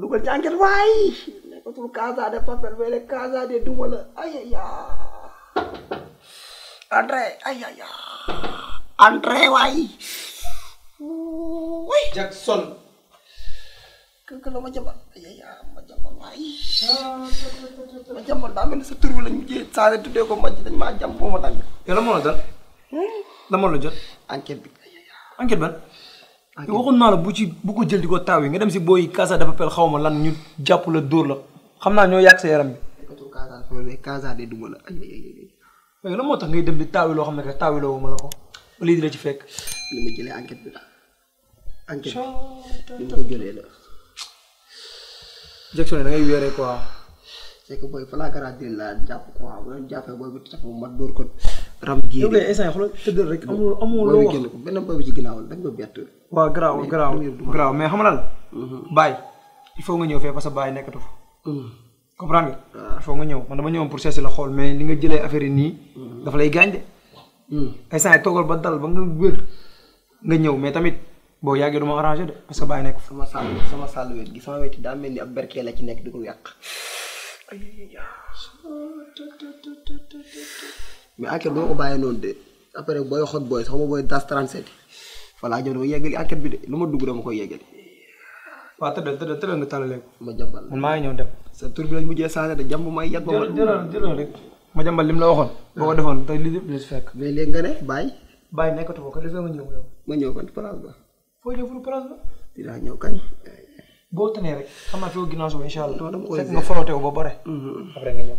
dugal ci enquête waay nekkatul Casa de Papel wala Casa de Duma la ay ay André ay Jackson. kër la ma jàmbal ay ma jàmbal waay. ma jàmbal daa ma dañ maa la dal. Hmm? lan la jot. enquête bi. enquête ban. Ah, waxoon naa la bu ci bu ko jël di ko taaw yi nga dem si booy Casa de Papel xaw ma lan ñu jàpp la dóor la xam naa ñoo yàq sa yaram bi. mais lan moo tax ngay dem di taaw yi loo xam ne que taaw yi loo ma la ko lii la ci fekk. li ma jëlee enquête bi la enquête bi ma ko jëlee la. Jackson da ngay weeree jàpp quoi bu doon jàppee ma ko. ram ji yow benn boobu ci ginnaaw naa ko bett. waaw garaaw garaaw mais xam nga lan. Mhm. Baye il faut nga ñëw fee parce que Baye nekkatu fa. Mm. comprendre nga. Ah. il faut nga ñëw man dama ñëwoon pour chercher la xool mais ni nga jëlee affaire yi nii. Mm. dafa lay gaañ de. Mm. instant yi toogal ba dal ba nga wér nga ñëw mais tamit boo yàggee du ma arrangé de parce que Baye nekk sama sàll sama sàll wet gi daa mel ni ab berkee la ci nekk di ko yàq. mais enquête bi ma ko bàyyee noonu de après booy xot booy sax ma booy das 37 voilà jërëjëf ma bi de lu ma dugg dama koy yeggali. waaw tëddal tëddal tëddal nga tàllalee ko. ma jàmbal man maa ñëw dem. sa tur bi lañ mujjee changé de jàmb may yat. ma jàmbal lim la waxoon. boo ko defoon tey li li fekk. mais léegi nga ne bàyyi. bàyyi nekkatu ko li fekk nga ma ñëw kon place ba. foo ñëw pour place ba. dinaa ñëw kañ. boo tënee rek xam naa fi ginnaaw suba incha allah. fekk nga foloteewu ba bare. Mm-hmm. après nga ñëw.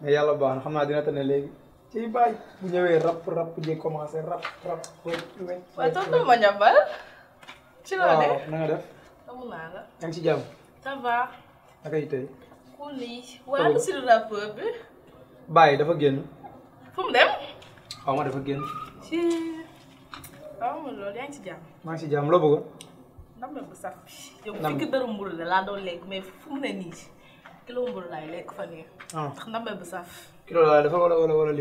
mais yàlla baax na xam naa dina tane léegi. ci bàyyi bu rap rap ji commencé rap rap. waaw tonton ma ñambal. ci la de def. amu naa yaa ngi ci jàmm. ça va. naka yi ku lii waa lu si rappeur bi. bàyyi dafa génn. fu mu dem. xaw dafa génn. loolu yaa ngi ci jàmm. maa ngi ci jàmm loo bëggoon. ndam bu saf. yow fii ki mburu la laa doon lekk mais fu mu nii. kilo mburu laay lekk fan yii. Ah. ndax ndambe bu saf. dafa wala wala wala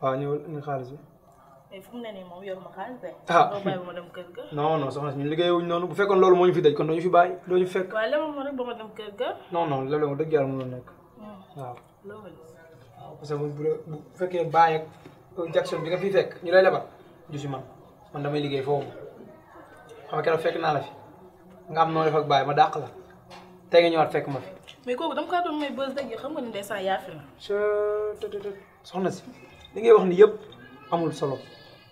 waaw hmm. ah, ñëwal ñu xaalis bi. mais mu ne nii moom yor ma xaalis de. ah doo bàyyi ma dem kër ga. non noonu bu fekkoon loolu moo ñu fi daj kon doo ñu fi bàyyi doo ñu fekk. waaye lema ma rek ba dem kër ga. non non loolu moom dëgg yàlla mënul nekk. Hmm. waaw loolu. waaw parce que bu fekkee bàyyi Jackson bi nga fi fekk ñu lay lebal du si man man damay liggéey foofu xam nga keroog fekk naa la fi nga am noonu def ak ma dàq la tey nga ñëwaat fekk ma fi. kooku dam kaa doon may bës rek xam nga ni ndeysaan yaa fi soxna si li ngay wax ni yëpp amul solo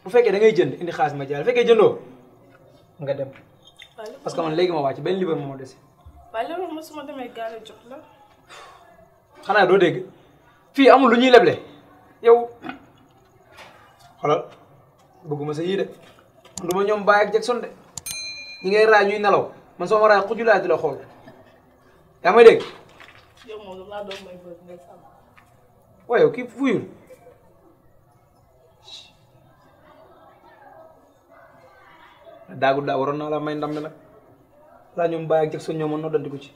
bu fekkee da ngay jënd indi xaalis ma jaay bu fekkee jëndoo nga dem. parce que man léegi ma wàcc benn libre moo ma dese. waaye loolu su ma demee gaale jox la. xanaa doo dégg fii amul lu ñuy leble yow xoolal bëgguma sa yii de du ma ñoom Baye ak Jackson de ñi ngay raay ñuy nelaw man soo ma raay xujulaay di la xool. yaa may dégg. yow moom dafa laa doon may bët may ndam ne nag ñoom bàyyi ak jag suñ ñoomoon noddanti ko ci.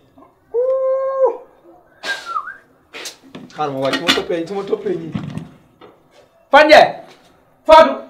xaaral ma wàcc su ma toppee su ma toppee ñii. Fane Ndiaye Fatou.